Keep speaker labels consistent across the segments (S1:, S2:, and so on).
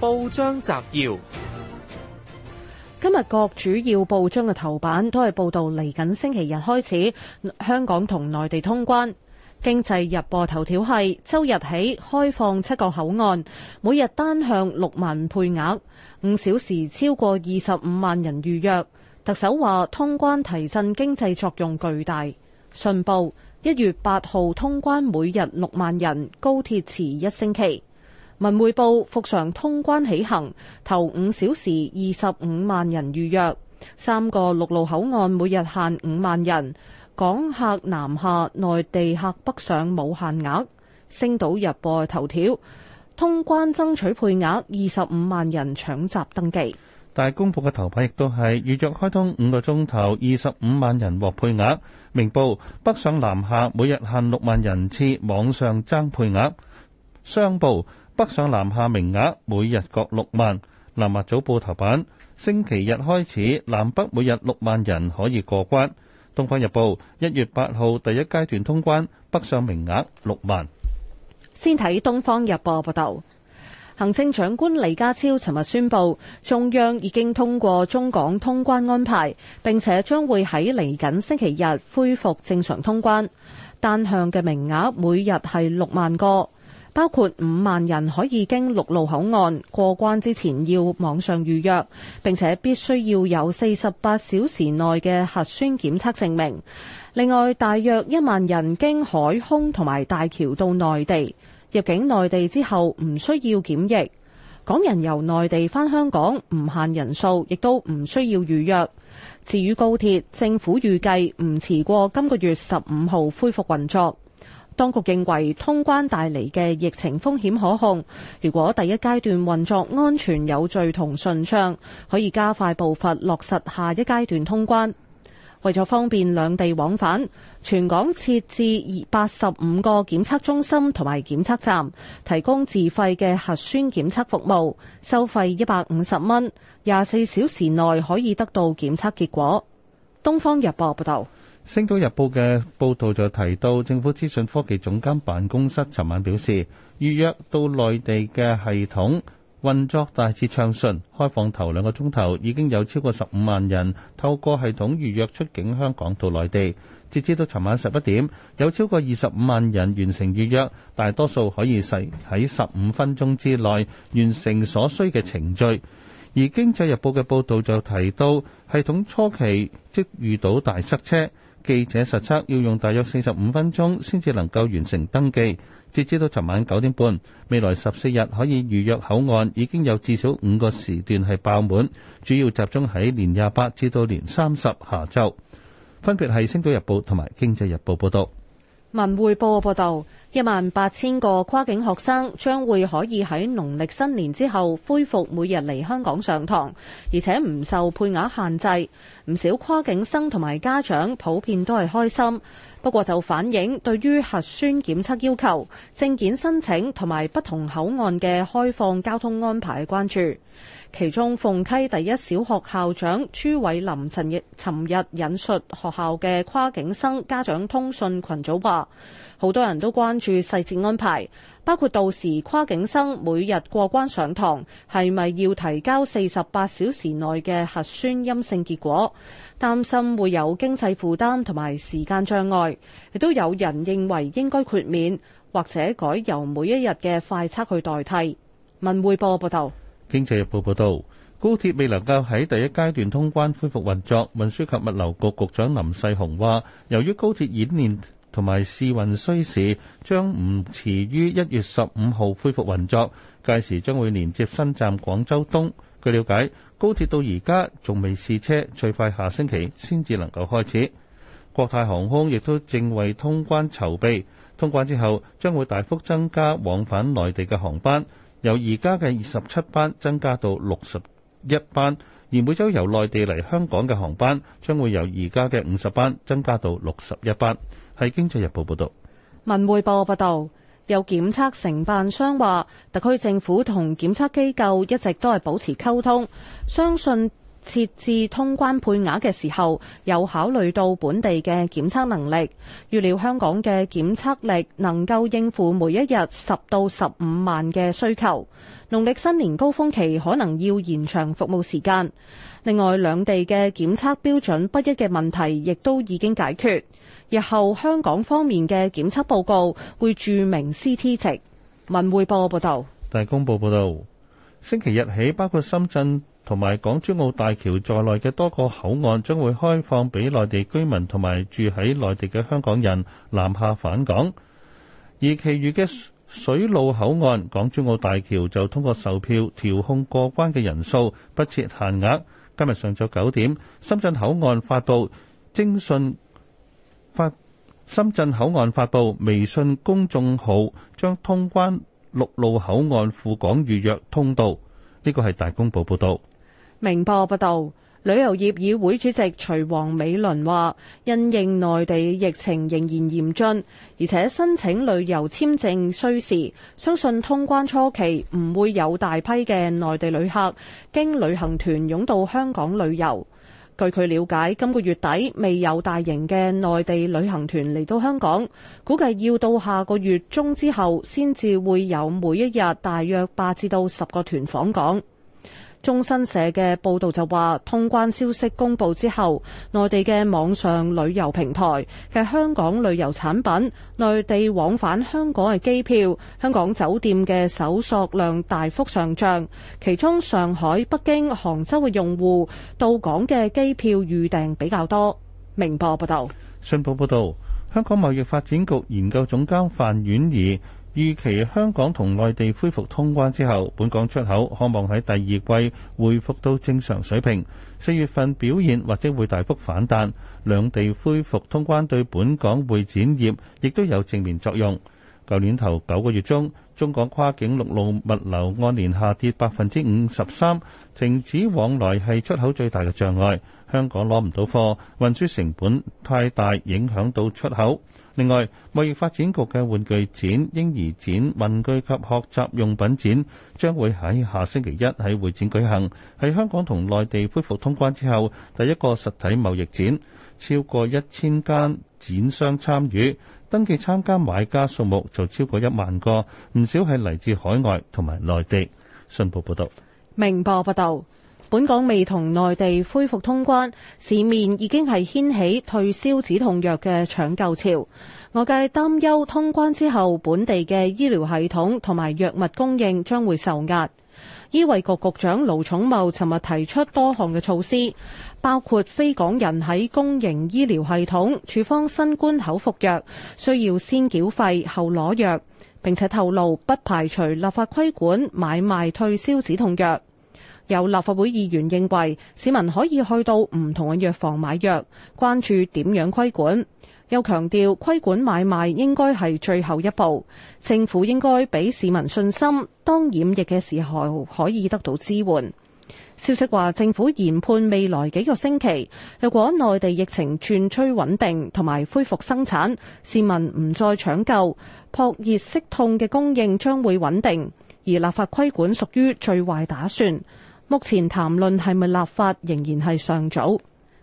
S1: 報章摘要：
S2: 今日各主要報章嘅頭版都係報道，嚟緊星期日開始香港同內地通關。經濟日報頭條係：周日起開放七個口岸，每日單向六萬配額，五小時超過二十五萬人預約。特首話通關提振經濟作用巨大。信報：一月八號通關，每日六萬人，高鐵遲一星期。文匯報復常通關起行，頭五小時二十五萬人預約，三個陸路口岸每日限五萬人，港客南下、內地客北上冇限額。星島日報頭條通關爭取配額，二十五萬人搶閘登記。
S1: 大公報嘅頭牌亦都係預約開通五個鐘頭，二十五萬人獲配額。明報北上南下每日限六萬人次，網上爭配額。商報。北上南下名額每日各六萬。南華早報頭版，星期日開始，南北每日六萬人可以過關。東方日報一月八號第一階段通關，北上名額六萬。
S2: 先睇《東方日報》報道，行政長官李家超尋日宣布，中央已經通過中港通關安排，並且將會喺嚟緊星期日恢復正常通關，單向嘅名額每日係六萬個。包括五萬人可以經陸路口岸過關，之前要網上預約，並且必須要有四十八小時內嘅核酸檢測證明。另外，大約一萬人經海空同埋大橋到內地，入境內地之後唔需要檢疫。港人由內地返香港唔限人數，亦都唔需要預約。至於高鐵，政府預計唔遲過今個月十五號恢復運作。當局認為通關帶嚟嘅疫情風險可控，如果第一階段運作安全有序同順暢，可以加快步伐落實下一階段通關。為咗方便兩地往返，全港設置八十五個檢測中心同埋檢測站，提供自費嘅核酸檢測服務，收費一百五十蚊，廿四小時內可以得到檢測結果。東方日報報道。
S1: 《星島日報》嘅報道就提到，政府資訊科技總監辦公室尋晚表示，預約到內地嘅系統運作大致暢順，開放頭兩個鐘頭已經有超過十五萬人透過系統預約出境香港到內地。截至到尋晚十一點，有超過二十五萬人完成預約，大多數可以使喺十五分鐘之內完成所需嘅程序。而《經濟日報》嘅報道就提到，系統初期即遇到大塞車。記者實測要用大約四十五分鐘先至能夠完成登記，截至到尋晚九點半，未來十四日可以預約口岸已經有至少五個時段係爆滿，主要集中喺年廿八至到年三十下晝，分別係《星島日報》同埋《經濟日報》報道。
S2: 文匯報報道。一萬八千個跨境學生將會可以喺農曆新年之後恢復每日嚟香港上堂，而且唔受配額限制。唔少跨境生同埋家長普遍都係開心，不過就反映對於核酸檢測要求、證件申請同埋不同口岸嘅開放交通安排關注。其中，鳳溪第一小學校長朱偉林尋尋日引述學校嘅跨境生家長通訊群組話，好多人都關注細節安排，包括到時跨境生每日過關上堂係咪要提交四十八小時內嘅核酸陰性結果，擔心會有經濟負擔同埋時間障礙。亦都有人認為應該豁免或者改由每一日嘅快測去代替。文匯報報道，
S1: 《經濟日報》報道，高鐵未能夠喺第一階段通關恢復運作，運輸及物流局局長林世雄話，由於高鐵演練，同埋試運需時，將唔遲於一月十五號恢復運作。屆時將會連接新站廣州東。據了解，高鐵到而家仲未試車，最快下星期先至能夠開始。國泰航空亦都正為通關籌備，通關之後將會大幅增加往返內地嘅航班，由而家嘅二十七班增加到六十一班。而每周由內地嚟香港嘅航班將會由而家嘅五十班增加到六十一班，係經濟日報報道，
S2: 文匯報報道，有檢測承辦商話，特區政府同檢測機構一直都係保持溝通，相信。設置通關配額嘅時候，有考慮到本地嘅檢測能力，預料香港嘅檢測力能夠應付每一日十到十五萬嘅需求。農曆新年高峰期可能要延長服務時間。另外，兩地嘅檢測標準不一嘅問題亦都已經解決。日後香港方面嘅檢測報告會注明 CT 值。文匯報報道，
S1: 大公報報道，星期日起包括深圳。同埋港珠澳大橋在內嘅多個口岸將會開放俾內地居民同埋住喺內地嘅香港人南下返港，而其餘嘅水路口岸，港珠澳大橋就通過售票調控過關嘅人數，不設限額。今日上晝九點，深圳口岸發布徵信發深圳口岸發布微信公眾號將通關陸路口岸赴港預約通道。呢個係大公報報導。
S2: 明報報道，旅遊業議會主席徐王美倫話：因應內地疫情仍然嚴峻，而且申請旅遊簽證需時，相信通關初期唔會有大批嘅內地旅客經旅行團湧到香港旅遊。據佢了解，今個月底未有大型嘅內地旅行團嚟到香港，估計要到下個月中之後，先至會有每一日大約八至到十個團訪港。中新社嘅報道就話，通關消息公布之後，內地嘅網上旅遊平台嘅香港旅遊產品、內地往返香港嘅機票、香港酒店嘅搜索量大幅上漲，其中上海、北京、杭州嘅用戶到港嘅機票預訂比較多。明報報道，
S1: 信報報道，香港貿易發展局研究總監范婉儀，預期香港同內地恢復通關之後，本港出口可望喺第二季恢復到正常水平。四月份表現或者會大幅反彈，兩地恢復通關對本港會展業亦都有正面作用。舊年頭九個月中，中港跨境陸路物流按年下跌百分之五十三，停止往來係出口最大嘅障礙，香港攞唔到貨，運輸成本太大，影響到出口。另外，貿易發展局嘅玩具展、嬰兒展、文具及學習用品展將會喺下星期一喺會展舉行，係香港同內地恢復通關之後第一個實體貿易展，超過一千間展商參與。登記參加買家數目就超過一萬個，唔少係嚟自海外同埋內地。信報報道，
S2: 明報報道，本港未同內地恢復通關，市面已經係掀起退燒止痛藥嘅搶購潮。外界擔憂通關之後，本地嘅醫療系統同埋藥物供應將會受壓。醫衛局局長盧寵茂尋日提出多項嘅措施，包括非港人喺公營醫療系統處方新冠口服藥需要先繳費後攞藥，並且透露不排除立法規管買賣退燒止痛藥。有立法會議員認為，市民可以去到唔同嘅藥房買藥，關注點樣規管。又強調規管買賣應該係最後一步，政府應該俾市民信心，當染疫嘅時候可以得到支援。消息話，政府研判未來幾個星期，若果內地疫情轉趨穩定同埋恢復生產，市民唔再搶救，撲熱息痛嘅供應將會穩定。而立法規管屬於最壞打算，目前談論係咪立法仍然係尚早。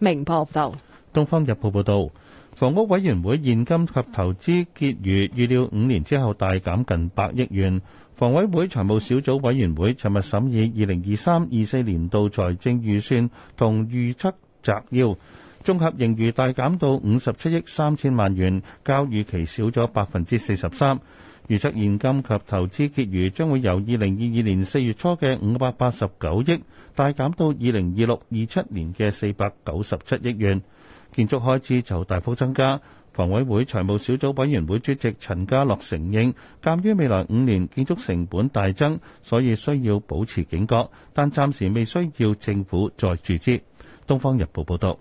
S2: 明報報道，《東
S1: 方日報》報道。房屋委員會現金及投資結餘預料五年之後大減近百億元。房委會財務小組委員會尋日審議二零二三、二四年度財政預算同預測摘要，綜合盈餘大減到五十七億三千萬元，較預期少咗百分之四十三。預測現金及投資結餘將會由二零二二年四月初嘅五百八十九億大減到二零二六、二七年嘅四百九十七億元。建築開支就大幅增加，房委會財務小組委員會主席陳家樂承認，鑑於未來五年建築成本大增，所以需要保持警覺，但暫時未需要政府再注資。《東方日報》報道。
S2: 《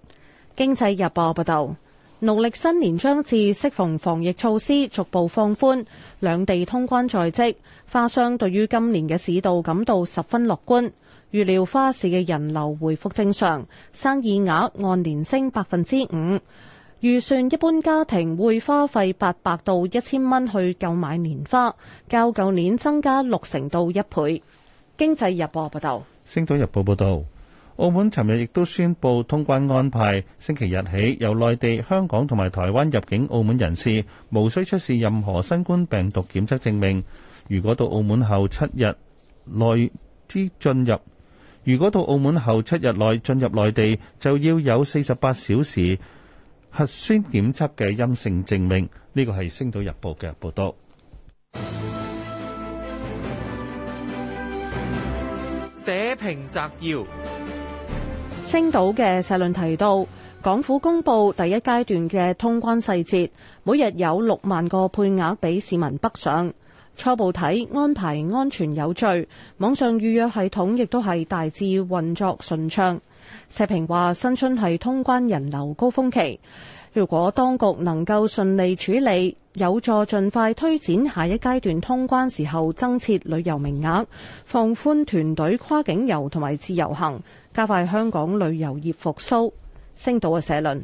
S2: 經濟日報》報道，農曆新年將至，適逢防疫措施逐步放寬，兩地通關在即，花商對於今年嘅市道感到十分樂觀。預料花市嘅人流回復正常，生意額按年升百分之五。預算一般家庭會花費八百到一千蚊去購買年花，較舊年增加六成到一倍。經濟日報報道。
S1: 星島日報報道，澳門尋日亦都宣布通關安排，星期日起由內地、香港同埋台灣入境澳門人士無需出示任何新冠病毒檢測證明。如果到澳門後七日內之進入。如果到澳門後七日內進入內地，就要有四十八小時核酸檢測嘅陰性證明。呢個係《星島日報》嘅報道。社評摘要，
S2: 《星島》嘅社論提到，港府公布第一階段嘅通關細節，每日有六萬個配額俾市民北上。初步睇，安排安全有序，網上預約系統亦都係大致運作順暢。社評話新春係通關人流高峰期，如果當局能夠順利處理，有助盡快推展下一階段通關時候增設旅遊名額，放寬團隊跨境遊同埋自由行，加快香港旅遊業復甦。星島嘅社論。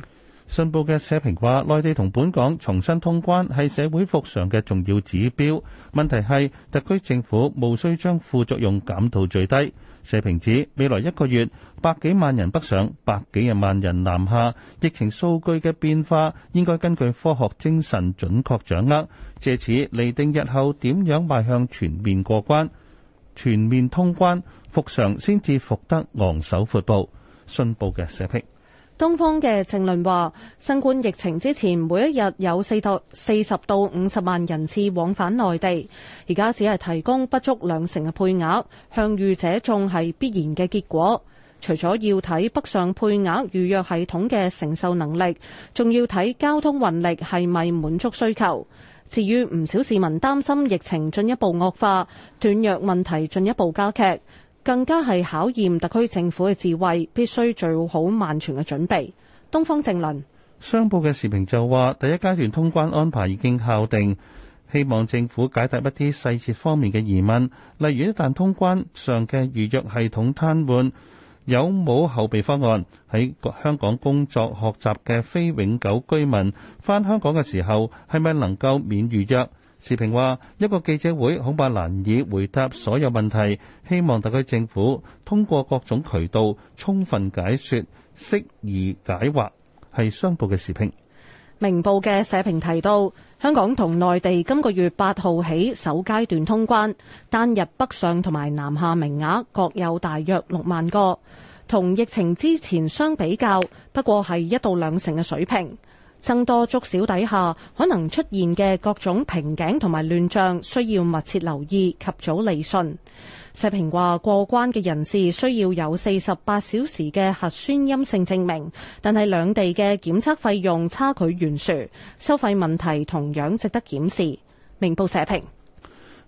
S1: 信報嘅社評話：內地同本港重新通關係社會復常嘅重要指標。問題係特區政府務須將副作用減到最低。社評指未來一個月百幾萬人北上，百幾廿萬人南下，疫情數據嘅變化應該根據科學精神準確掌握，藉此釐定日後點樣邁向全面過關、全面通關復常先至復得昂首闊步。信報嘅社評。
S2: 東方嘅政論話，新冠疫情之前每一日有四到四十到五十萬人次往返內地，而家只係提供不足兩成嘅配額，向隅者眾係必然嘅結果。除咗要睇北上配額預約系統嘅承受能力，仲要睇交通運力係咪滿足需求。至於唔少市民擔心疫情進一步惡化，斷藥問題進一步加劇。更加係考驗特區政府嘅智慧，必須做好萬全嘅準備。東方正論
S1: 商報嘅時評就話，第一階段通關安排已經敲定，希望政府解答一啲細節方面嘅疑問，例如一旦通關上嘅預約系統癱瘓，有冇後備方案？喺香港工作學習嘅非永久居民返香港嘅時候，係咪能夠免預約？時評話：一個記者會恐怕難以回答所有問題，希望特區政府通過各種渠道充分解說，釋疑解惑。係商報嘅時評。
S2: 明報嘅社評提到，香港同內地今個月八號起首階段通關，單日北上同埋南下名額各有大約六萬個，同疫情之前相比較，不過係一到兩成嘅水平。僧多粥少底下，可能出現嘅各種瓶頸同埋亂象，需要密切留意及早理順。社評話過關嘅人士需要有四十八小時嘅核酸陰性證明，但係兩地嘅檢測費用差距懸殊，收費問題同樣值得檢視。明報社評。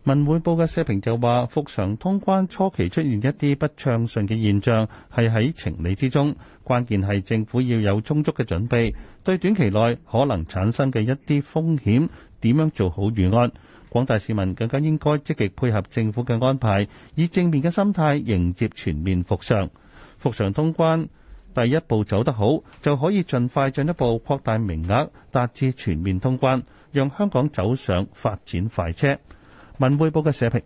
S1: 文匯報嘅社評就話：復常通關初期出現一啲不暢順嘅現象，係喺情理之中。關鍵係政府要有充足嘅準備，對短期內可能產生嘅一啲風險點樣做好預案。廣大市民更加應該積極配合政府嘅安排，以正面嘅心態迎接全面復常。復常通關第一步走得好，就可以盡快進一步擴大名額，達至全面通關，讓香港走上發展快車。文匯報嘅社評。